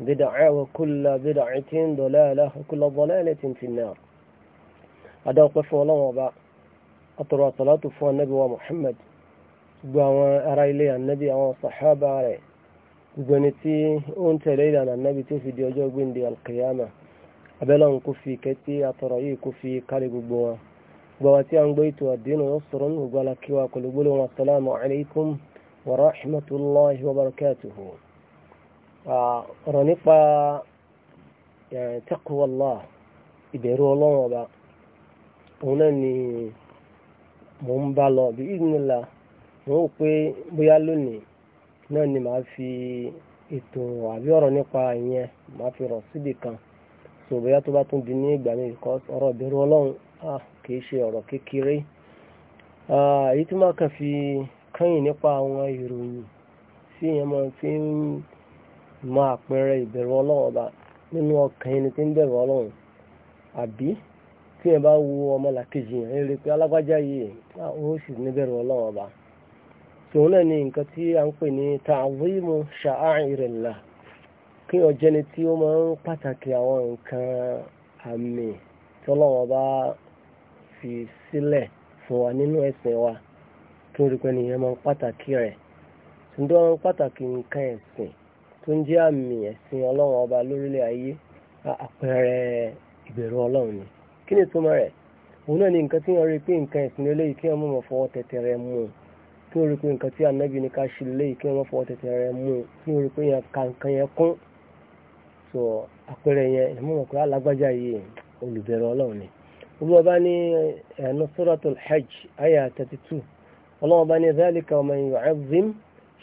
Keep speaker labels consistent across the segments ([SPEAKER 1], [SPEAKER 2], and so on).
[SPEAKER 1] بدعة وكل بدعة ضلالة وكل ضلالة في النار هذا وقف والله وبا أطرى صلاة فوى النبي ومحمد وأرى إلي النبي وصحابة عليه gbẹ̀nití ó ń tẹ̀lé ìlànà nábi tó fi di ọjọ́ gbìndé alkiyama abẹ́lọ́n kò fi kẹ́tí àtọ̀rọ̀ yìí kò fi kárí gbogbo wọn gbọ́wà tí a ń gbé ètò àdínà ó sọ̀rọ̀ ní gbogbo alákíwá pẹ̀lú gbólóhùn assalamu alaikum wa rahmatulahi wa barakatuhu ọ̀rọ̀ nípa taqwallah ìbẹ̀rù ọlọ́run ọba òun náà ni mò ń bá lọ bí ìgbìnlá mò ń pé bóyá lónìí náà ni màá fi ètò àbí ọ̀rọ̀ nípa ìyẹn màá fi rọ̀ síbì kan so bóyá tó bá tún di ní ìgbà mi ọ̀rọ̀ mọ àpẹẹrẹ ìbẹ̀rù ọlọ́run ọba nínú ọkàn ẹni tí ń bẹ̀rù ọlọ́run àbí tí ẹ bá wo ọmọlàkejì yẹn rí pé alágbájá yìí ó sì ọba tòun náà ni nǹkan tí a ń pè ní kí ọjọ́ ni tí ó máa ń pàtàkì àwọn nǹkan àmì tí ọlọ́run ọba fi sílẹ̀ fún wa nínú ẹ̀sìn wa tó rí pé nìyẹn máa tó ń jẹ́ àmì ẹ̀sìn ọlọ́run ọba lórílẹ̀ ayé àpẹẹrẹ ìbẹ̀rù ọlọ́run ni kí ni túmọ̀ rẹ̀ òun náà ni nǹkan tí wọ́n rí pé nǹkan ẹ̀sìn eléyìí kí wọ́n mọ̀ fọwọ́ tẹ̀tẹ̀rẹ̀ mú un kí wọ́n rí pé nǹkan tí anábì ní ká ṣe léyìí kí wọ́n mọ̀ fọwọ́ tẹ̀tẹ̀rẹ̀ mú un kí wọ́n rí pé yẹn ka nǹkan yẹn kún so àpẹẹrẹ yẹn ìmọ̀ mọ̀ pé alágbájá yìí olùbẹ̀rù ọlọ́run ni olúwa bá ní ẹ̀nu suratul hajj ayah thirty two ọlọ́wọ́ bá ní zalika wa man yu'azzim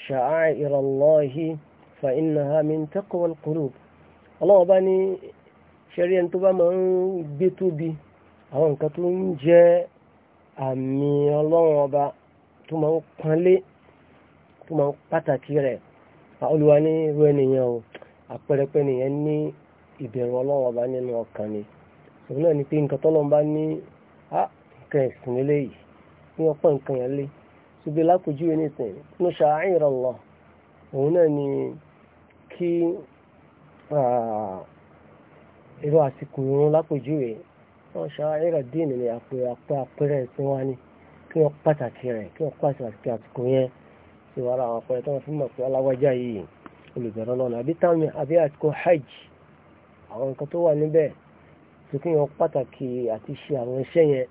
[SPEAKER 1] sha'a'irallahi فإنها من تقوى القلوب الله bá شريان ṣẹ́rí ẹni tó bá máa ń gbé tóbi àwọn nǹkan tó ń jẹ́ àmì ọlọ́run ọba tó máa ń pọ́nlé tó máa ń pàtàkì rẹ̀ olùwà ní irú ènìyàn o àpẹrẹpẹ nìyẹn ní ìbẹ̀rù ọlọ́run ọba nínú ọkàn ni òun náà ni pé nǹkan tọ́lọ́run bá ní á nǹkan ẹ̀sìn eléyìí ní ọ̀pọ̀ nǹkan yẹn lé ṣùgbọ́n lápòjú ẹni ní ṣàáìrọ̀ lọ òun náà ni tí irú àsìkò irun lápèjúwe wọn ṣàárẹ̀ díìnì ní àpẹ àpẹẹrẹ ẹ̀sìn wa ni kí wọ́n pàtàkì rẹ̀ kí wọ́n pàtàkì àsìkò yẹn sí wàrà àwọn àpẹẹrẹ tó wọ́n fi mọ̀ pé aláwájá yìí olùbẹ̀rẹ̀ lọ́nà àbí táwọn àbí àsìkò hajj àwọn nǹkan tó wà níbẹ̀ tó kí wọ́n pàtàkì àti ṣe àwọn iṣẹ́ yẹn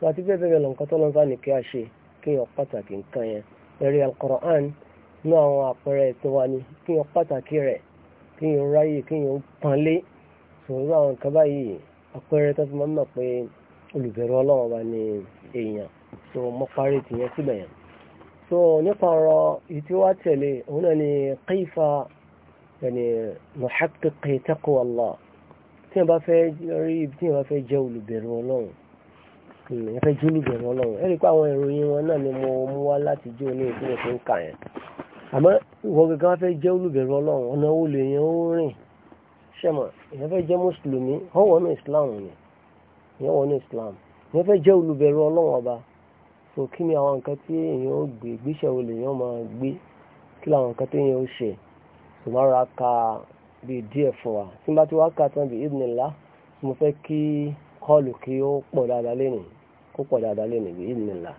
[SPEAKER 1] tó àti bẹ́ẹ̀ bẹ́ẹ̀ lọ nǹkan tó lọ́nà bá ní kí a ṣe kí wọ́n pàtàkì nǹkan yẹn ẹ̀rí al-Qur'an ní àwọn àpẹẹrẹ ẹ̀tọ́ wa ni kí wọ́n pàtàkì rẹ̀ kí wọ́n ráyè kí wọ́n pọ́nlé sọ̀rọ̀ àwọn nǹkan báyìí àpẹẹrẹ tó fi máa ń mọ̀ pé olùbẹ̀rù ọlọ́run wa ni èèyàn tó mọ́ parí tìyẹn síbẹ̀ yẹn. so nípa ọ̀rọ̀ èyí tí wàá tẹ̀lé òun náà ni kéèfà yẹni muhakkiki taqwa Allah tí wọ́n bá fẹ́ rí ibi tí wọ́n fẹ́ jẹ́ olùbẹ̀rù ọlọ́run ìyẹn fẹ́ jẹ́ ọlọ́run ẹ̀rí pé àwọn ìròyìn wọn náà ni mo mú wá láti jó ní ìpínlẹ̀ tó ń kà yẹn àmọ́ ìwọ gẹ́gẹ́ wá fẹ́ jẹ́ olùbẹ̀rù ọlọ́run ọ̀nà wo lè yẹn ó rìn ṣẹ̀mọ̀ èèyàn fẹ́ jẹ́ mùsùlùmí ó wọnú islam ni èèyàn wọnú islam èèyàn fẹ́ jẹ́ olùbẹ̀rù ọlọ́run ọba so kí ni àwọn nǹkan tí èèyàn ó gbé ìgbésẹ̀ wo lè yẹn máa gbé kí làwọn nǹkan tí èèyàn ó ṣe sùmọ́ra ka bíi díẹ̀ fún wa tí n bá ti wá ka tán bíi ìdìnnìlá mo fẹ́ kí kọ́ọ̀lù kí ó pọ̀ dáadáa lẹ́nu kó pọ̀ dáadáa lẹ́nu bíi ìdìnnìlá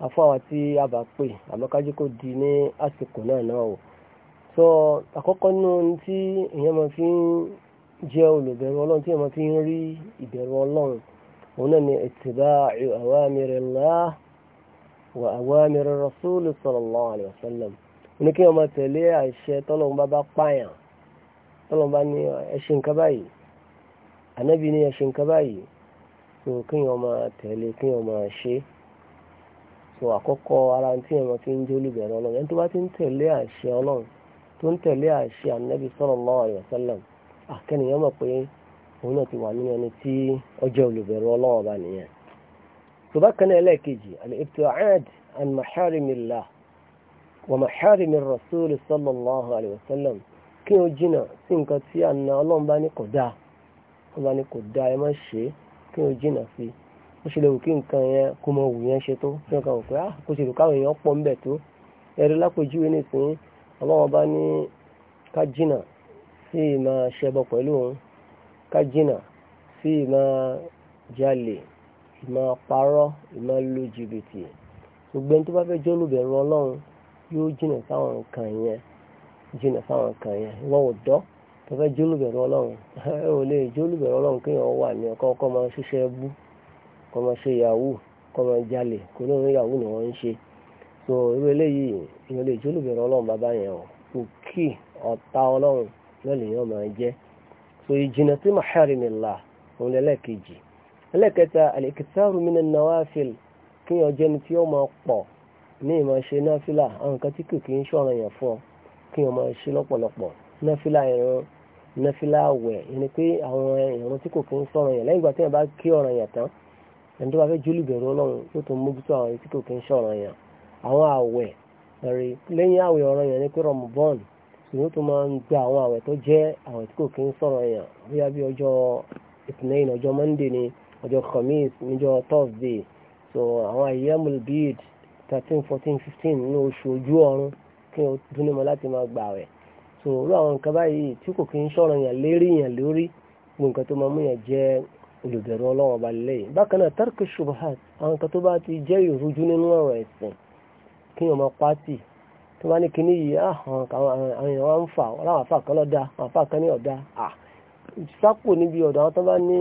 [SPEAKER 1] afáwa tí a bá pè àmọ́ kájú kò di ní àsìkò náà náà o sọ àkọ́kọ́ nínú tí èèyàn máa fi ń jẹ́ olùbẹ̀rù ọlọ́run tí èèyàn máa fi ń rí ìbẹ̀rù ọlọ́run òun náà ni ittiba'u awamirillah wa awamiri rasul sallallahu alayhi wa sallam ní kí wọ́n máa tẹ̀lé àṣẹ tọ́lọ́run bá bá pààyàn tọ́lọ́run bá ní ẹṣin nǹkan báyìí ànábì ní ẹṣin nǹkan báyìí kí wọ́n máa tẹ̀lé kí wọ́n máa ṣe so àkọ́kọ́ ara tí ẹ̀wọ̀n fi ń jẹ́ olùbẹ̀rẹ̀ ọlọ́run ẹni tó bá ti ń tẹ̀lé àṣẹ ọlọ́run tó ń tẹ̀lé àṣẹ ànábì sallallahu alaihi wasallam àkẹ́nìyàn mọ̀ pé òun náà ti wà nínú ẹni tí ọjọ́ olùbẹ̀rẹ̀ ọlọ́run ọba nìyẹn. tó bá kan ẹlẹ́ẹ̀kejì al-ibti'ad an maharimillah wa maharimir rasul sallallahu alaihi wasallam kí kí ó ṣe lè wù kí nǹkan yẹn kó mọ wù yẹn ṣe tó kí nǹkan wù pé ah kó ṣe lè káwọn èèyàn pọ̀ ń bẹ̀ tó ẹ̀rí lápèjúwe nìsín ọlọ́wọ́n bá ní ká jìnà sí ìmọ̀ ṣẹbọ pẹ̀lú òun ká jìnà sí ìmọ̀ jalè ìmọ̀ parọ́ ìmọ̀ lu jìbìtì ṣùgbọ́n tó bá fẹ́ jẹ́ olùbẹ̀rù ọlọ́run yóò jìnà sáwọn nǹkan yẹn jìnà sáwọn nǹkan yẹn ìwọ ò dọ́ tó fẹ́ jẹ́ olùbẹ̀rù ọlọ́run ẹ ò lè jẹ́ olùbẹ̀rù ọlọ́run kéèyàn wà ní ọkọ̀ ọkọ̀ máa ṣiṣẹ́ bú kọ́ máa ṣe yahoo kọ́ máa jalè kò ní òun yahoo ni wọ́n ń ṣe so irú eléyìí ìyẹn lè jó lùbẹ̀rẹ̀ ọlọ́run bàbá yẹn o kò kí ọ̀tá ọlọ́run lọ́ọ̀lẹ̀ yẹn máa jẹ́ so ìjìnà tí maharimillah òun lẹ́lẹ́kejì ẹlẹ́kẹta al-iktharu min an-nawafil kí yẹn jẹ́ ni tí yóò máa pọ̀ ní ìmọ̀ ṣe náfìlà àwọn nǹkan tí kò kí ń ṣọ̀rọ̀ yẹn fún ọ kí yẹn máa ṣe lọ́pọ̀lọpọ̀ náfìlà ìrun náfìlà àwẹ̀ ìyẹn ni pé àwọn ìrun tí kò kí ń ṣọ̀rọ̀ yẹn lẹ́yìn ìgbà tí yẹn bá kí ọ̀rọ̀ yẹn tán ẹni tó bá fẹ́ jólì bẹ̀rù ọlọ́run yóò tó mójútó àwọn etí tó kí ń ṣọ̀ràn yàn àwọn àwẹ̀ ẹ̀rí lẹ́yìn àwẹ̀ ọ̀rọ̀ yẹn ni pé rọmọbọ́ọ̀nù ṣùgbọ́n tó máa ń gba àwọn àwẹ̀ tó jẹ́ àwẹ̀ tí kò kí ń sọ̀rọ̀ yàn bóyá bí ọjọ́ ìtìlẹ́yìn ọjọ́ monde ni ọjọ́ khamis níjọ́ thursday so àwọn ayyamul bid thirteen fourteen fifteen ní oṣù ojú ọ̀run kí o so irú àwọn nǹkan báyìí tí kò kí ń sọ̀rọ̀ yàn lérí yàn olùbẹ̀rù ọlọ́wọ́ bá lẹ́yìn bákan náà tẹ́rkì ṣubahat àwọn kan tó bá ti jẹ́ ìrújú nínú ọ̀rọ̀ ẹ̀sìn kí wọ́n máa pátì tó bá ní kíní yìí ah, àwọn èèyàn wá ń fà láwọn àfà kan lọ́dá àwọn àfà kan ní ọ̀dá ah, sápò níbi ọ̀dọ̀ àwọn tó bá ní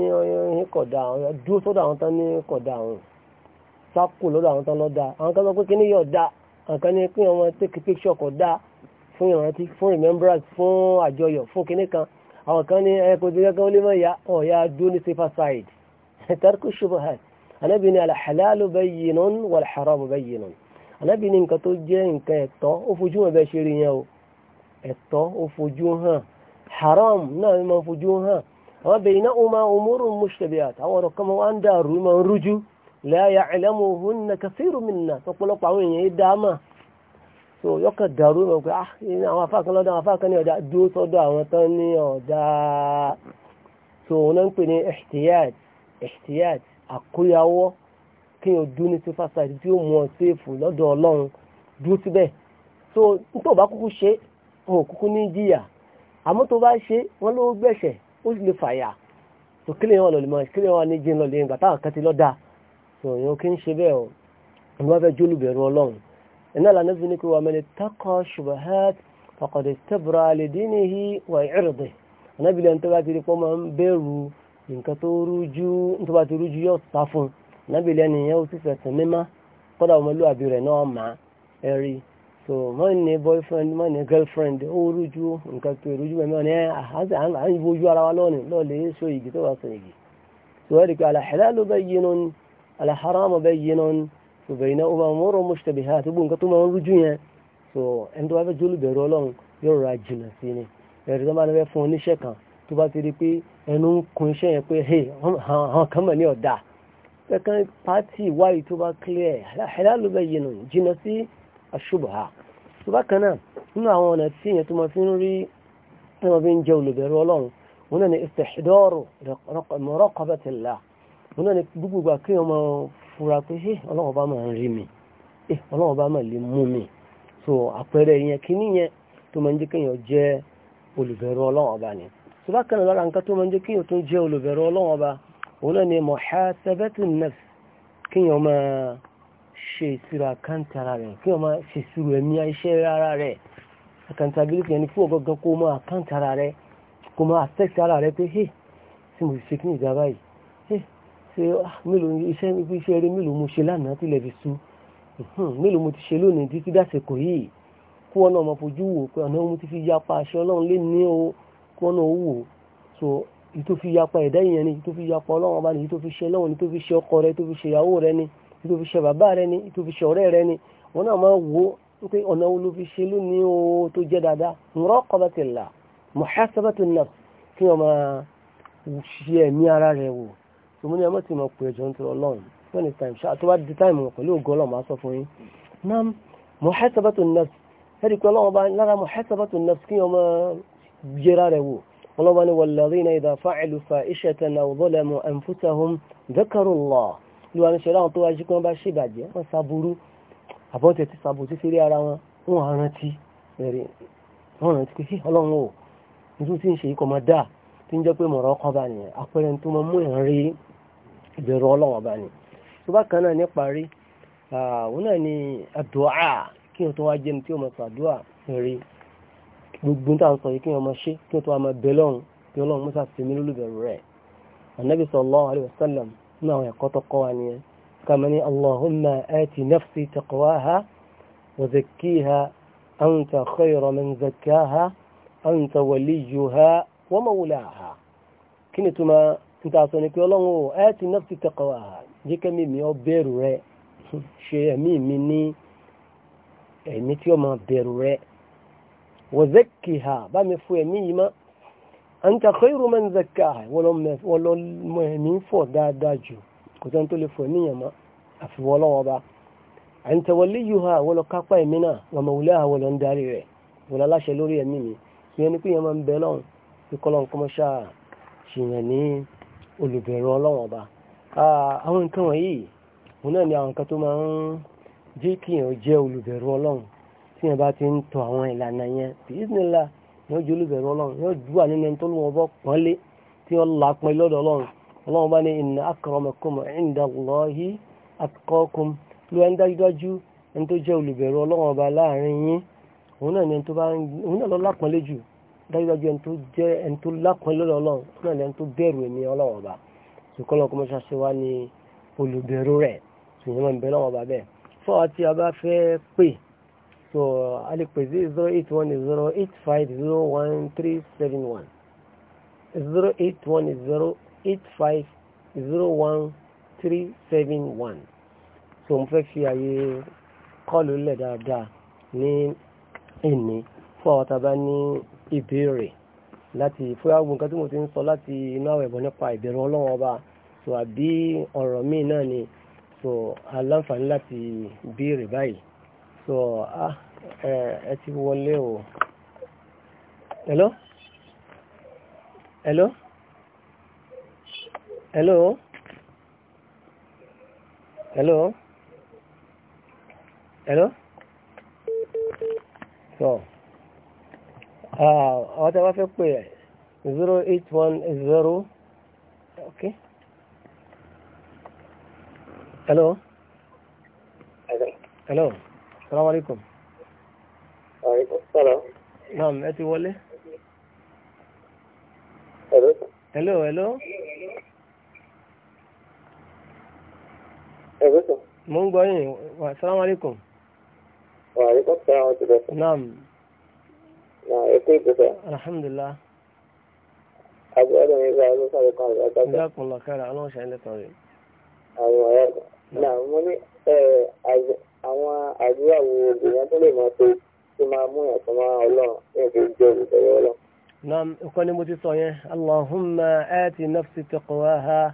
[SPEAKER 1] kọ̀dá àwọn dúró sọ́dọ̀ àwọn tó ní kọ̀dá àwọn sápò lọ́dọ̀ àwọn tó lọ́dá àwọn kan sọ pé kíní yìí ọ̀dá àwọn take picture kọ̀dá fún ìrántí fún remembrance kan àwọn kan ní ẹkùn tí kankan olè mọ́ya ọ̀ya dúró ní safer side tarku shubuhat anábì ní alhalalu bayyinun walharamu bayyinun anábì ní nǹkan tó jẹ́ nǹkan ẹ̀tọ́ ó fojú hàn bẹ́ẹ̀ ṣe rí yẹn o ẹ̀tọ́ ó fojú hàn haram náà máa fojú hàn àwọn baynahuma umurun mushtabihat àwọn ọ̀rọ̀ kan máa ń dàrú máa ń rújú la ya'lamuhunna kathirun minna tọ́pọ̀lọpọ̀ àwọn èèyàn yìí dáa máa so yọkàn dàrú wọn pé ah àwọn afáàkan lọ́dọ̀ àwọn afáàkan ní ọ̀dà dúró sọ́dọ̀ àwọn tán ní ọ̀dà so wọn náà ń pè ní ihtiyat ihtiyat àkóyawọ́ kí n dún ní safer side tí ó mú ọ séèfù lọ́dọ̀ ọlọ́run dúró síbẹ̀ so nítorí ọba kúkú ṣe wọn ò kúkú ní jìyà àmọ́ tó bá ṣe wọn ló gbẹ̀ṣẹ̀ ó sì lè fàyà so kílẹ̀ wọn lọ lè mọ kílẹ̀ wọn ní jí ń lọ lè gbà táwọn kan lọ́dà so ìyẹn kí ń ṣe bẹ́ẹ̀ o ìwọ́n fẹ́ jólùbẹ̀rù ọlọ́run iná lànà fi ní kí wà mẹ́lẹ̀ takọ̀ ṣubahat faqad istabra li dinihi wa irdihi anábìlẹ̀ tó bá ti rí pọ́ máa ń bẹ̀rù nǹkan tó rújú tó bá ti rújú yóò sá fún anábìlẹ̀ nìyẹn ó sì fẹ̀sẹ̀ mímá kọ́dà ọmọlúwàbí rẹ̀ náà mà ẹ̀rí so wọ́n ní boyfriend wọ́n ní girlfriend ó rújú nǹkan tó rújú mẹ́mọ́ ni à ń wojú ara wa lọ́ọ̀nì lọ́ọ̀lẹ́ sọ igi tó bá sọ igi so ẹ̀rí pé al-halalu bayyinun al-haramu bayyinun so bẹ̀rẹ̀ náà ó máa mọ́rọ̀ mọ́ṣẹ́bẹ̀ àti gbogbo nǹkan tó máa ń rújú yẹn so ẹni tó bá fẹ́ jólùbẹ̀rù ọlọ́run yóò rọra jìnà sí ni ẹ̀rí tó máa lọ fẹ́ fún oníṣẹ́ kan tó bá ti rí pé ẹnu ń kun iṣẹ́ yẹn pé kan mọ̀ ní ọ̀dà kankan pàtì clear ẹ̀dá ló bẹ̀ yìí nù jìnà sí àṣùbọ̀hà tó bá kan náà nínú àwọn ọ̀nà tí yẹn tó máa fi ń rí tó máa ni istihdar raqabatillah wọn náà ni gbogbo àkéwọn máa fura pé ṣé ọlọ́wọ́ bá máa ń rí mi ṣé ọlọ́wọ́ bá máa lè mú mi so àpẹẹrẹ yẹn kí níyẹn tó máa ń jẹ́ kéèyàn jẹ́ olùbẹ̀rù ọlọ́wọ́ bá ni tó bá kàn lára nǹkan tó máa ń jẹ́ kéèyàn tó jẹ́ olùbẹ̀rù ọlọ́wọ́ bá òun náà ni muhasabatu nafs kéèyàn máa ṣe ìṣirò àkáǹtara rẹ̀ kéèyàn máa ṣe ìṣirò ẹ̀mí iṣẹ́ ara rẹ̀ accountability ẹni fún ọgọ́gán kó máa àkáǹtara rẹ̀ kó máa assess ara rẹ̀ pé hey tí mo ṣe kí ni ìjà báyìí Ah, ṣe mélòó iṣẹ́ iṣẹ́ eré mélòó mo ṣe lánàá tí fi sú mélòó mo ti ṣe lónìí títí dàsìkò yìí kó wọn náà máa fojú wò pé ọ̀nà mo ti fi yapa aṣọ ọlọ́run lé ní o kó wọn náà so èyí tó fi yapa ẹ̀dá ìyẹn ni èyí tó fi yapa ọlọ́run ọba ni èyí tó fi ṣe ọlọ́run ni èyí tó fi ṣe ọkọ rẹ èyí tó fi ṣe ìyàwó rẹ ni èyí tó fi ṣe bàbá rẹ ni èyí tó fi ṣe ọ̀rẹ́ rẹ ni wọn náà máa wò pé ọ̀nà wo ló fi ṣe lónìí o tó jẹ́ dáadáa muraqabatillah muhasabatu nafs kí wọ́n máa ṣe ẹ̀mí ara rẹ̀ wò tó mú ní ọmọ tí mo pè ẹjọ́ nítorí ọlọ́run wọ́n ní time ṣáà tó bá di time wọn pẹ̀lú ògo ọlọ́run máa sọ fún yín nam muhasabatu nafs ẹ̀rí pé ọlọ́run bá lára muhasabatu nafs kí ọmọ yẹra rẹ̀ wò ọlọ́run ní walladhina idha fa'alu fa'ishatan aw zalamu anfusahum dhakarullah lùwà ní ṣẹlá àwọn tó wájú kí wọ́n bá ṣèbàjẹ́ wọ́n sábúrú àbọ̀tẹ̀ ti sábò tí sí rí ara wọn wọn àrántí rẹ̀ wọn rántí pé ọlọ́run ò nítorí tí ń ṣe ikọ̀ máa pé ìbẹ̀rù ọlọ́wọ́ bá ní tó bá kan náà ní parí òun náà ni àdúà kí o tó wá jẹun tí o mọ̀ pàdúà rí gbogbo tá à ń sọ yìí kí o mọ̀ ṣe kí o tó wá mọ̀ bẹ́ lọ́run kí ọlọ́run mọ́sá sí mi lólùbẹ̀rù anta khayra man zakkaha anta waliyuha wa mawlaha kí tuma níta sọ ni pé ọlọ́run ò ẹ́ ti náà ti tẹ̀kọ̀ wá jẹ́ kẹ́mi mi ọ bẹ̀rù rẹ ṣe ẹ̀mí mi ní ẹ̀mí tí ó máa bẹ̀rù rẹ wọ̀zẹ́kì ha bá mi fún ẹ̀mí yìí mọ́ anta khairu man zakkaha wọlọ́mọ ẹ̀mí fọ̀ dáadáa jù kò sẹ́ni tó lè fọ̀ ẹ̀mí yẹn mọ́ àfiwọ́ ọlọ́wọ́ bá anta waliyuha wọlọ́ kápá ẹ̀mí náà wa mawlaha wọlọ́ ń darí rẹ̀ wọlọ́ aláṣẹ lórí ẹ̀mí mi ìyẹn ni pé yẹn máa ń bẹ lọ́hùn olùbẹ̀rù ọlọ́wọ̀n ọba àwọn nǹkan wọ̀nyí òun náà ni àwọn nǹkan tó máa ń jẹ́ kí èèyàn jẹ́ olùbẹ̀rù ọlọ́run tí èèyàn bá ti ń tọ àwọn ìlànà yẹn bísínílà yóò jẹ́ olùbẹ̀rù ọlọ́run yóò wà nínú ẹni tó lọ́wọ́ bọ́ pọ́nlé tí wọ́n là pọ́n lọ́dọ̀ bá ní dájúdájú ẹni tó jẹ́ ẹni tó lápọ̀n lọ́dọ̀ ọlọ́run náà ni ẹni tó bẹ̀rù ẹ̀mí ọlọ́run ọba ṣùkọ́lọ́ kó mọ́ṣá ṣe wá ní olùbẹ̀rù rẹ̀ ṣùgbọ́n mọ̀ ìbẹ̀rù ọba bẹ́ẹ̀ fún ọ tí a bá fẹ́ pè so a lè pè sí zero eight one zero eight five zero one three seven one zero eight one zero eight five zero one three seven one so mo fẹ́ fi àyè kọ́ọ̀lù lẹ̀ dáadáa ní ìní fún ọ a bá ní ìbéèrè láti fún àwọn nǹkan tí mo ti ń sọ láti inú àwọn ẹ̀bùn nípa ìbẹ̀rù ọlọ́wọ́n ọba so àbí ọ̀rọ̀ míì náà ni so aláǹfààní láti béèrè báyìí so ẹ ti wọlé o. hello hello hello hello hello so àwọn tí a bá fẹ́ pè ẹ̀ zero eight one zero ok hello hello salaam aleykum. Hello. Naam, ẹ ti wọlé. Hello. Hello, hello. Mo ń gbọ́ yín. Wa alaikum alaykum.
[SPEAKER 2] Wa alaykum salaam wa Naam. نعم،
[SPEAKER 1] الحمد لله itu أبو آدم
[SPEAKER 2] يبقى له صدقة جزاك
[SPEAKER 1] الله خير على وش عندك طويل
[SPEAKER 2] أيوة náà mo ní àwọn àdúrà wo obìnrin tó lè máa ṣe tó máa mú yàn tó
[SPEAKER 1] نعم وكان نعم، متصايا آه، إيه، نعم، اللهم آت نفسي تقواها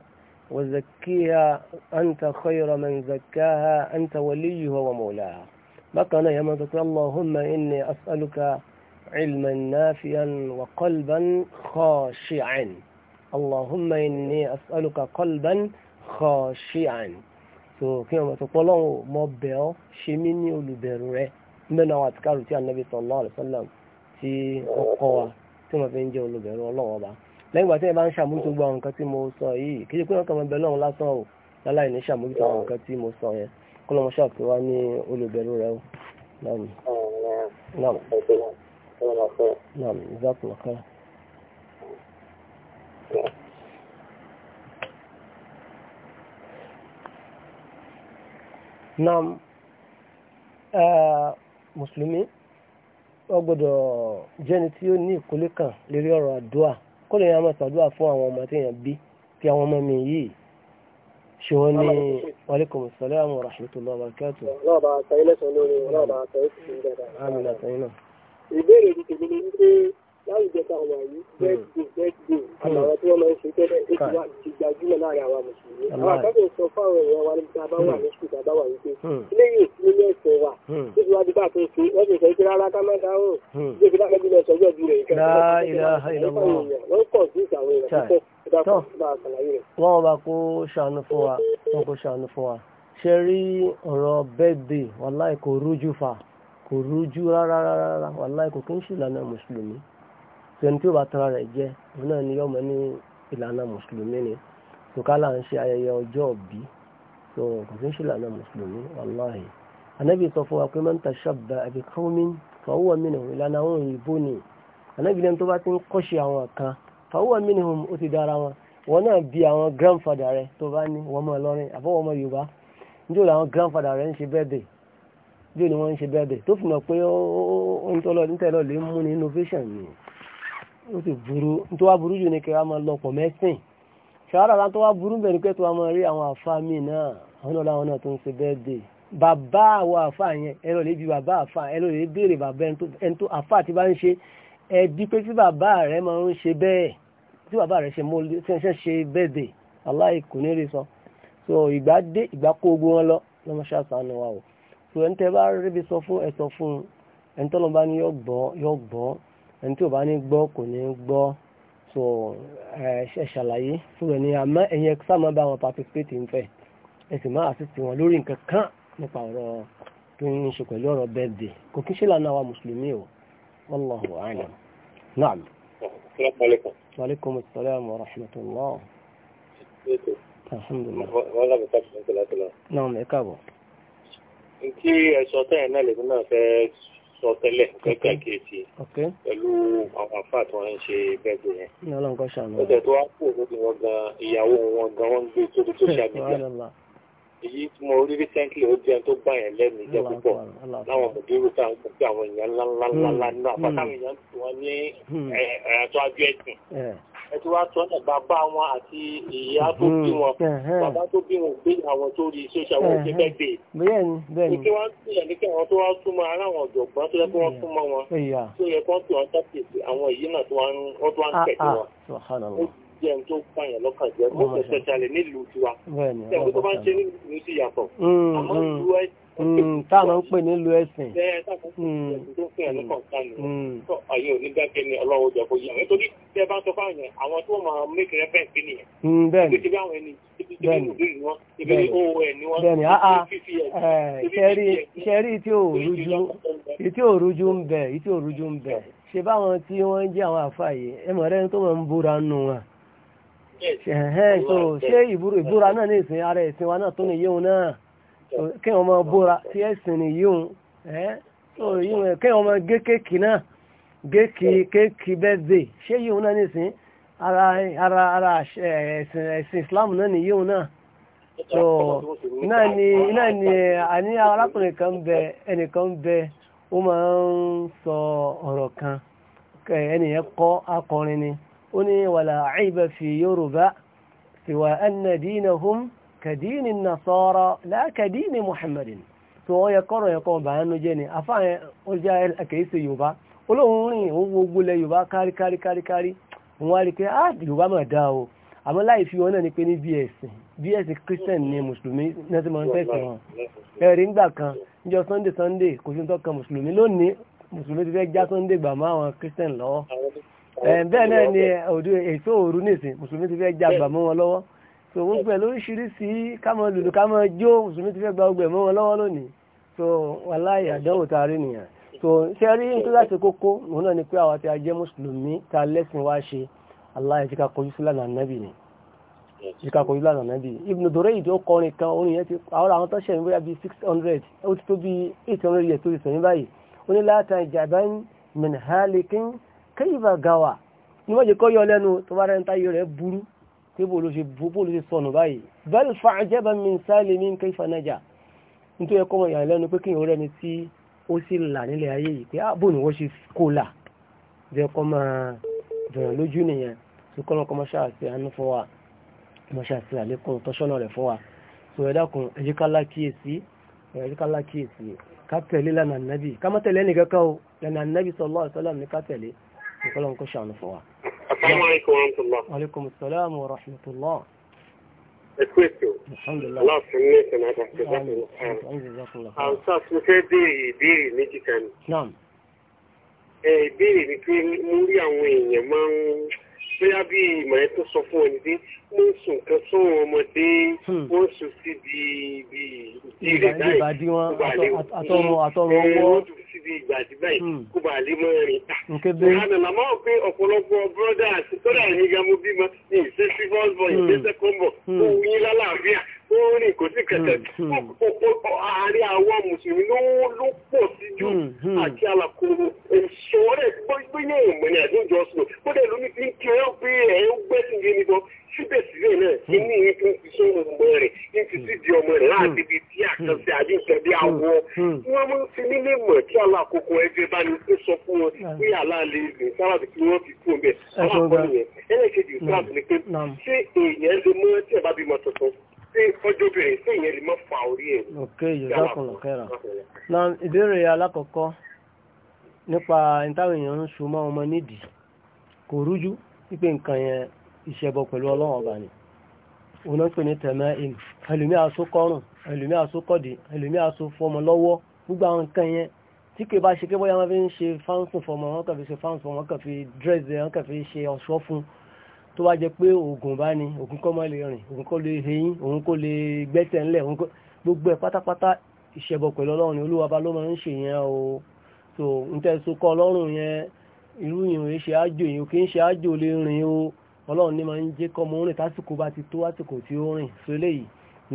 [SPEAKER 1] وزكيها أنت خير من زكاها أنت وليها ومولاها بقنا يا من اللهم إني أسألك علما نافعا وقلبا خاشعا اللهم إني أسألك قلبا خاشعا so kí ọmọ tó pọ́lọ́wọ́ mọ bẹ̀ ọ́ ṣe mí ní olùbẹ̀rù rẹ mẹ́nà àwọn àtikárù tí anabi sallallahu alaihi wasallam tí ọkọ wa tí wọ́n fi ń jẹ́ olùbẹ̀rù ọlọ́wọ́ bá lẹ́yìn ìgbà tí ẹ bá ń ṣàmójútó gbọ́ àwọn nǹkan tí mo sọ yìí kí ṣe pé wọ́n kàn mọ́ bẹ́ẹ̀ lọ́run lásán o láláì ní ṣàmójútó àwọn nǹkan tí mo sọ yẹn kọ́ lọ́mọ ṣàpè ní olùbẹ̀rù rẹ o
[SPEAKER 2] náà الله خير
[SPEAKER 1] نعم جزاك الله خير naam mùsùlùmí ó gbọ́dọ̀ jẹ́ni tí ó ní ìkólé kan lérí ọ̀rọ̀ àdúà kó lè yàn máa ṣàdúà fún àwọn ọmọ tí yàn bí tí àwọn ọmọ mi yìí ṣe wọn ní wàlíkùmù sàlámù rahmatullahi wa barakatuh.
[SPEAKER 2] ọlọ́ọ̀bà àtàyílẹ̀sọ̀ lórí ọlọ́ọ̀bà àtàyílẹ̀sọ̀ lórí dáadáa.
[SPEAKER 1] àmín àtàyílẹ̀
[SPEAKER 2] ìbéèrè mi tèmi hmm. ni wípé láì jẹta ọmọ yìí bẹ́ẹ̀dì bẹ́ẹ̀dì àtàwọn hmm. tí wọ́n máa ń ṣe tẹ́lẹ̀ eight one ti gbajúmọ̀ láàrin hmm. àwọn mùsùlùmí. àwọn àkàtúntò sọ fáwọn èèyàn wa níbi tá a bá wà ní sùkúl tá a bá wà wípé ilé yìí sí ilé ẹ̀sẹ̀ wa níbi wá bí bá a tó ṣe wọ́n ti sọ pé rárá ká má dáhùn bí ebi láti lọ sọ́jọ́ ju rẹ̀
[SPEAKER 1] wọ́n bá kó ṣàánú fún wa wọ́n kó ṣàánú fún wa ṣe rí ọ̀rọ̀ bẹ́ẹ̀dì wàláì kò rújú fa kò rújú rárá rárá wàláì kò kí ń ṣe ìlànà mùsùlùmí tẹni tí ó bá tara rẹ̀ jẹ́ òun náà ni yọmọ ní ìlànà mùsùlùmí ni tòkálà ń ṣe ayẹyẹ ọjọ́ òbí tó kò kí ń ṣe ìlànà mùsùlùmí wàláì anabi sọ fún wa pé man tashabbaha bi qawmin fahuwa minhum ìlànà àwọn òyìnbó ni anabi lẹ́nu tó bá ti ń kọ́ṣe àwọn kan fahuwa minhum ó ti dára wọn wọn náà bí àwọn grandfather rẹ tó bá ní wọn mọ Ìlọrin àbọ̀wọ́mọ Yorùbá níjọ́ làwọn grandfather rẹ ń ṣe birthday bí ni wọ́n ń ṣe bẹ́ẹ̀ tó fi mọ̀ pé ó ń tọ́lọ ní tẹ́lọ lè mú ní innovation ni ó sì burú tó wá burú jù ní kẹwàá máa lọ pọ̀ mẹ́sìn ṣàrà láti wá burú bẹ̀rù pé tó wá máa rí àwọn àfa mi náà àwọn náà láwọn náà tó ń ṣe bẹ́ẹ̀ dé bàbá àwọn àfa yẹn ẹ lọ lè bi bàbá àfa ẹ lọ lè béèrè bàbá ẹni tó àfa ti bá ń ṣe ẹ pé tí bàbá rẹ máa ń ṣe bẹ́ẹ̀ tí bàbá rẹ ṣe bẹ́ẹ̀ dé aláì kò ní rí so ìgbà dé ìgbà kó gbogbo wọn lọ lọ́mọ ṣáà sànù wa o so ẹni tẹ́ bá ríbi sọ fún ẹ sọ fún ẹni tọ́lọ́ bá ní yọ gbọ́ yọ gbọ́ ẹni tí ò bá ní gbọ́ kò ní gbọ́ so ẹ ṣàlàyé fún ẹni àmọ́ ẹ̀yin ẹ sáà máa bá wọn participate ń fẹ́ ẹ sì máa assist wọn lórí nǹkan kan nípa ọ̀rọ̀ tó ń ṣe pẹ̀lú ọ̀rọ̀ birthday kò kí ṣe lànà àwa mùsùlùmí o wallahu a'lam naam. wa alaykum assalam wa rahmatullah. alhamdulillah.
[SPEAKER 2] wọ́n lábẹ́ nkí ẹ̀sọ́ tẹ̀yìn náà lèmi náà fẹ́ sọ tẹ́lẹ̀ kẹ́kẹ́ kéèkì pẹ̀lú àwọn àfáà tí wọ́n ń ṣe bẹ́ẹ̀dù yẹn. ó tẹ̀ tó wá kú òfin wọn gan ìyàwó wọn gan wọ́n gbé sórí social media èyí tí mo rí recently ó jẹun tó bá yẹn lẹ́nu jẹ́ púpọ̀ láwọn mòdúró tá à ń pèsè àwọn èèyàn ńláńláńlá hmm. nínú àpátáwọn hmm. èèyàn tí wọ́n ní hmm. ẹ̀ẹ́dẹ́gbẹ̀ẹ́sìn ẹ wá tọ́nà bàbá wọn àti ìyá tó bí hmm, wọn bàbá tó bí wọn gbé àwọn tó rí social work ṣe fẹ́ gbé.
[SPEAKER 1] bẹ́ẹ̀ni bẹ́ẹ̀ni. kí
[SPEAKER 2] wọ́n ti yàn ní kí àwọn tó wá súnmọ́ ara ọ̀jọ̀gbọ́n tó yẹ kí wọ́n súnmọ́ wọn tó yẹ kí wọ́n tún ọjọ́ àwọn èyí náà tó wá ń ah, tẹ̀lé ah. wọn. ó jẹ́ ohun tó pààyàn lọ́kàn jẹ́ mọ́tò ṣẹ̀ṣẹ̀ nílùú tiwa. ẹ̀wọ́n tó
[SPEAKER 1] Hmm, táwọn ń pè nílùú ẹ̀sìn.
[SPEAKER 2] Hmm. Hmm. ayé òní dákẹ́ ni ọlọ́run jẹ kó yẹ àwọn nítorí tí ẹ bá ń sọ àwọn tó máa make reference sí tí tí tí ah,
[SPEAKER 1] ah. eh, báwọn tí wọ́n jẹ́ àwọn àfààyè ẹ mọ̀ rẹ́ni tó máa ń búra nù wọn. ṣe náà ní ìsìn ara ìsìn wa náà tó kí wọ́n máa bóra tí ẹ̀sìn ni yíò kí wọ́n máa gé kéèkì náà géèkì kéèkì bẹ́ẹ̀dẹ̀ ṣé yíò náà nìsín ara ara ara ẹ̀sìn Islam náà ni yíò náà tó náà ni náà ni àní arákùnrin kan bẹ ẹnìkan bẹ ó máa ń sọ ọ̀rọ̀ kan ẹnìyẹn kọ́ akọrin ni ó ní wàlà àìbẹ̀ fi Yorùbá tiwa ẹnna kàdíìnì nasara la kàdíìnì muhammadin tó ọ yẹ kọ́rọ̀ yẹ kọ́ bàánú jẹ́ ni afáàyàn ó jẹ́ àkèésí yorùbá olóhùn rìn òun gbogbo lẹ yorùbá kárí kárí kárí kárí òun á rí pé ah yorùbá mà dá o àmọ́ láì fi wọn náà ni pé ní bs bs christian ni mùsùlùmí nẹ́sì máa ń tẹ̀sán wọn ẹ̀rí ńgbà kan níjọ sunday sunday kò sí ní tọ́ka mùsùlùmí lónìí mùsùlùmí ti fẹ́ já sunday gbà mọ́ àwọn christian lọ́wọ́ bẹ́ẹ̀ náà ni òdu òru nìsín mùsùlùmí ti fẹ́ já gbà wọn lọ́wọ́ so wọ́n pẹ̀ lóríṣiríṣi kámọ́ lùlù kámọ́ jó mùsùlùmí ti fẹ́ gba ọgbẹ̀ mọ́ wọn lọ́wọ́ lónìí so wàláhì àdánwò tá a rí nìyẹn so ṣe rí ní tó láti kókó òun náà ni pé àwa tí a mùsùlùmí ta lẹ́sìn wá ṣe aláyà tí ká kọjú sí lánàá nábì ni tí ká kọjú lánàá nábì Ibn Durayd ìdí ọkọrin kan orin yẹn ti àwọn àwọn tó ṣẹ̀yìn bóyá bíi six hundred ó ti tó bíi eight hundred years tó ti sẹ̀yìn báyìí ó ní láta jaban min halikin gawa ni wọ́n jẹ́ kọ́ yọ lẹ́nu tó bá rẹ̀ ń táyé rẹ̀ burú pé bó ló ṣe bó ló ṣe sọnù báyìí bal fa'jaba min salimin kayfa naja nítorí ẹ̀kọ́ ọmọ ìyàn lẹ́nu pé kí ìhòòrẹ́ ni tí ó sì là nílẹ̀ ayé yìí pé ààbò ah, ni wọ́n ṣe kó là jẹ́ kọ́ máa dùn lójú nìyẹn tó kọ́ lọ́kọ́ máa ṣàṣì àánú fún wa máa ṣàṣì àlékún tọ́ṣọ́nà rẹ̀ fún wa tó ẹ dákun ẹ jẹ́ ká lánàá nàbì ká ẹnì kankan lánàá nàbì sallallahu alaihi wasallam ní ká tẹ̀lé ìkọ́lọ́
[SPEAKER 2] السلام نعم. عليكم ورحمة الله
[SPEAKER 1] وعليكم السلام ورحمة الله اتكويتو الحمد لله الله
[SPEAKER 2] سميك انا تحت الله
[SPEAKER 1] عزيزي الله الله
[SPEAKER 2] استاذ مسير ديري ديري نيجي كان نعم ايه ديري نكين موريا وين يمان بيا بي ما يتو صفو ونزي موسو كسو ومدي موسو سي دي بي
[SPEAKER 1] ديري داي اتو اتو اتو اتو اتو اتو
[SPEAKER 2] síbi ìgbà àti báyìí hmm. kó bàa lè mọ ẹrin ta. ìhànà màmá ò pé ọ̀pọ̀lọpọ̀ bọ́dà àti tọ́lá ní gamu bímọ ní ìṣe sífọ́ọ̀sì bọ̀ ìṣe sẹ́kọ̀mbọ̀ kó yín lálàáfíà kó rìn kó sì kẹ̀kẹ́ àárín àwọn mùsùlùmí ló pọ̀ sí jù hmm. Hmm. àti àl
[SPEAKER 1] na ìbéèrè alákọ̀ọ́kọ́ nípa ìtàwọn èèyàn ń so mọ́ ọmọ nídìí kò rújú wípé nǹkan yẹn ìṣẹbọ pẹ̀lú ọlọ́run ọba ni òun náà pè ní tẹ̀mẹ́ im ẹlòmí aṣọ kọrùn ẹlòmí aṣọ kọ̀dì ẹlòmí aṣọ fọmọ lọ́wọ́ gbogbo àwọn nǹkan yẹn tí kì bá ṣe kí bóyá wọn fi ń ṣe fáńsùn fọmọ wọn kàn fi ṣe fáńsùn gbogbo ẹ̀ pátápátá ìṣẹbọ pẹ̀lú ọlọ́run ni olúwa ló máa ń ṣe yẹn o so n tẹ́ so kọ́ ọlọ́run yẹn irú ìrìn èé ṣe ájò kì í ṣe ájò lè rìn o ọlọ́run ní máa ń jẹ́ kọ́ mọ́ tásìkò ti tó àsìkò tí ó rìn eléyìí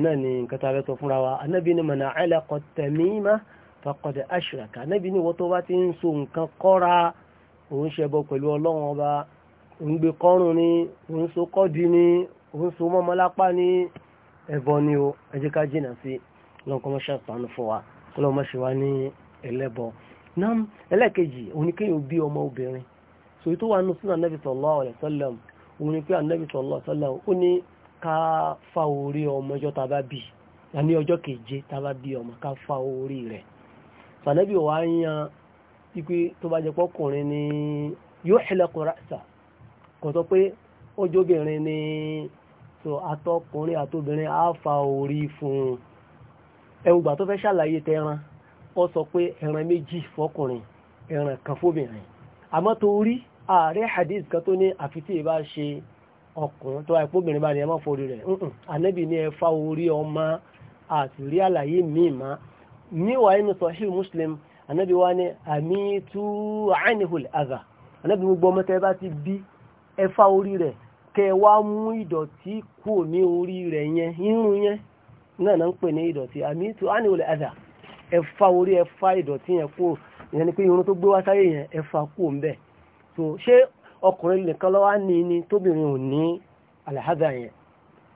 [SPEAKER 1] náà ni nǹkan tá a fẹ́ sọ fúnra wa anábì ni mọ̀nà àìlẹ́kọ̀ tẹ̀míìmá fàkọ̀dẹ̀ àṣìràkà anábì ni wọ́n tó bá ti ń so nǹkan kọ́ra òun ṣẹbọ pẹ̀lú ọba ni so o ká ọlọ́run kọ́ mọ́ṣẹ́ sànù fún wa ọlọ́run mọ́ṣẹ́ wa ní ẹlẹ́bọ náà ẹlẹ́ẹ̀kejì oníkéyìn bí ọmọ obìnrin so ètò wa nù sínú anabi sallallahu alaihi wasallam òun ni sallallahu alaihi wasallam ó ní ká fa orí ọmọ ọjọ́ tá a bá bì ní ọjọ́ keje tá a bá bí ọmọ ká fa orí rẹ̀ sànẹ́bí wa ń yan ipe tó bá jẹ pọ́kùnrin ni yóò hilaqu ra'sa kò sọ ni so atọkùnrin àtobìnrin á fa orí fún un ẹwùgbà tó fẹ́ ṣàlàyé tẹran ó sọ pé ẹran méjì fọkùnrin ẹran kan fóbìnrin àmọ́ torí ààrẹ hadith kan tó ní àfi tí ìbá ṣe ọkùnrin tó àìpóbìnrin bá ní ẹmọ́ forí rẹ̀ ànábì ní ẹ fá orí ọmọ àti rí àlàyé míì má níwàá inú sahih muslim ànábì wá ní àmì tú àánihùl àgà ànábì gbogbo ọmọ tẹ bá ti bí ẹ fá orí rẹ̀ kẹ wá mú ìdọ̀tí kù ní orí rẹ̀ yẹn irun yẹn náà na ń pè ní ìdọ̀tí àmì tó á ní olè àdà ẹ̀fà orí ẹ̀fà ìdọ̀tí yẹn kúrò ìyẹn ni pé irun tó gbé yẹn ń bẹ̀ so ṣé ọkùnrin nìkan lọ́wọ́ ní ní tóbìnrin ò ní yẹn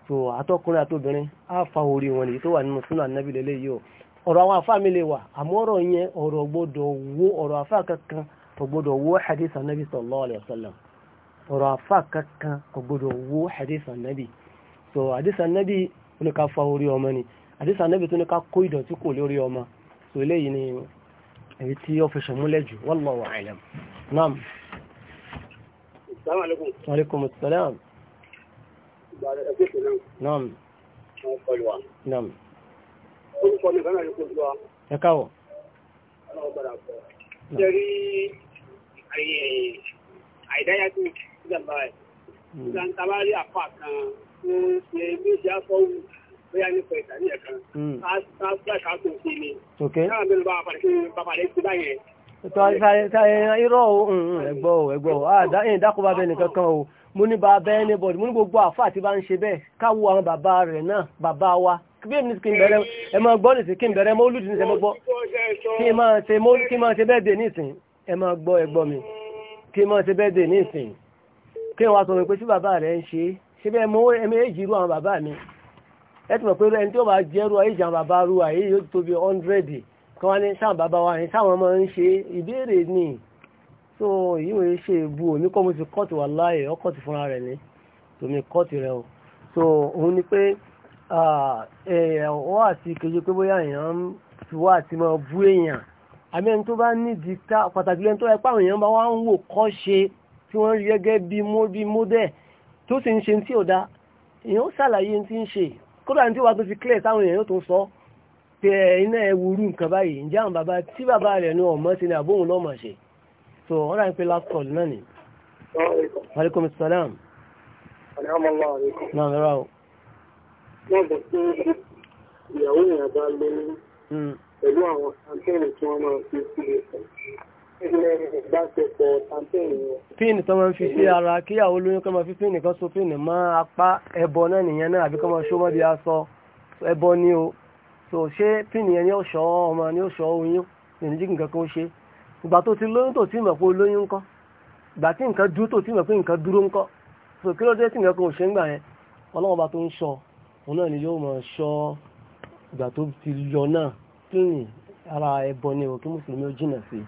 [SPEAKER 1] so àtọkùnrin á fa orí wọn lèyí tó wà nínú súnà nábì lélẹ́ yìí o ọ̀rọ̀ àwọn àfáà mi lè wà àmọ́ ọ̀rọ̀ yẹn ọ̀rọ̀ gbọ́dọ̀ wó ọ̀rọ̀ àfáà kankan alayhi wa sallam ọ̀rọ̀ kankan wó hadith ó ní ká fá orí ọmọ ni àdísà nẹ́bí tó ní ká kó ìdọ̀tí kò lórí ọmọ tó eléyìí ni èyí tí ó fi ṣàmúlẹ̀ jù wallahu a'lam. alaikum. wa assalam. naam. naam.
[SPEAKER 2] orúkọ mi kan náà ló kojú wa. ẹ káwọ. ọlọ́wọ́ gbọ́dọ̀ àpọ̀. ṣe rí àìdáyàtì ìjàmbá ẹ̀. Hmm. ìjàmbá àpá kan ṣe méjì afọ́wù bóyá nípa ìtàní ẹ̀kan aṣáájú kò sí ni káwọn mẹ́rin bá pàdé bàbá rẹ̀ ti báyẹn.
[SPEAKER 1] Ìtọ́ irọ́ ẹ̀gbọ́ ẹ̀gbọ́ ẹ̀yìn dákọ̀ bá bẹ́ẹ̀ nìkan kan o mo ní bàbá ẹni bọ̀dì mo ní gbogbo àfáà tí bá ń ṣe bẹ́ẹ̀ káwo àwọn bàbá rẹ̀ náà bàbá wa bí èmi kí n bẹ̀rẹ̀ ẹ máa gbọ́ nìsín kí n bẹ̀rẹ̀ mọ́ olùdí nìsín gbọ́ kí n máa ṣe kí n máa ṣe bẹ́ẹ̀ dè nìsín ẹ máa gbọ́ ẹ̀gbọ́ mi kí n máa ṣe bẹ́ẹ̀ dè nìsín kí n wá sọ pé sí bàbá rẹ̀ ń ṣe síbẹ̀ mo ẹmẹ èjì irú àwọn bàbá mi ẹ ti mọ̀ pé ẹni tí ó bá jẹ́rú èjì àwọn bàbá rú àyè yóò tó bí ọ́ndrẹ́dì kí wọ́n ní sáwọn bàbá wa ní sáwọn ọmọ ń ṣe ìbéèrè ni tó yìí wọ́n ṣe ìbu òní kọ́ mo ti kọ́ọ̀tù wà láàyè ọkọ̀ ti fúnra rẹ̀ ní tòmí kọ́ọ̀tù rẹ̀ o so òun ni pé ọwọ́ àti kejì pé bóyá èèyàn ti wá àti máa bú èèyàn àmì ẹni tó bá nídìí ká pàtàkì lẹ́ni tó ẹ pàwọn èèyàn bá wá ń wò kọ́ ṣe tí wọ́n rí gẹ́gẹ́ bí mọ́dẹ́ tó sì ń ṣe tí ò da èèyàn ó ṣàlàyé tí ń ṣe kódà ní tí wàá tó fi clear táwọn èèyàn tó sọ pé iná ẹ wúrú nǹkan báyìí ǹjẹ́ àwọn bàbá tí bàbá rẹ̀ ní ọmọ sí ni àbóhùn lọ́mọ ṣe so wọ́n rà ń pe last call náà ni. aleykum salaam. náà rárá o.
[SPEAKER 2] ìyàwó yẹn bá hmm. pẹ̀lú àwọn àǹtẹ̀nì tí wọ́n máa fi sílẹ̀
[SPEAKER 1] píìnì tó máa ń fi sí ara kíyàwó lóyún kọ́ máa fi píìnì kan so píìnì mọ́ apá ẹbọ náà nìyẹn náà àbí kọ́ máa ṣó mọ́bi aṣọ ẹbọ ni o so ṣé píìnì yẹn ni ó ṣọ́ ọmọ ni ó ṣọ́ oyún nìyẹn jí nǹkan kan ṣe ìgbà tó ti lóyún tó ti mọ̀ pé olóyún ńkọ́ ìgbà tí nǹkan dúró tó ti mọ̀ pé nǹkan dúró ńkọ́ so kí ló dé tí nǹkan kan ò ṣe ń gbà yẹn ọlọ́wọ́n bá tó ń ṣọ́ ni yóò máa ṣọ́ ìgbà tó ara ẹbọ ni o kí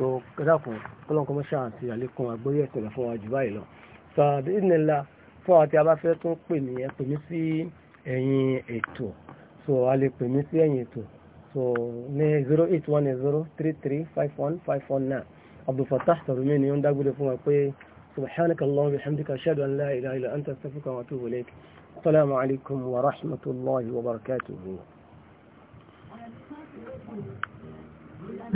[SPEAKER 1] so kẹ́dàkùn kọ́lọ́nkọ́ mọ́ṣá àti àlékún àgbóyè ìpìlẹ̀ fún wa jù báyìí lọ so àdínilá fún àwọn tí a bá fẹ́ tún pè mí ẹ pè mí sí ẹ̀yìn ètò so a lè pè mí sí ẹ̀yìn ètò so ní zero eight one zero three three five one five one nine abdulfatah sarumi ni ó ń dágbére fún wa pé subhanaka allahumma bihamdika ashhadu an la ilaha illa anta astaghfiruka wa atubu ilayk assalamu alaikum wa rahmatullahi wa barakatuhu.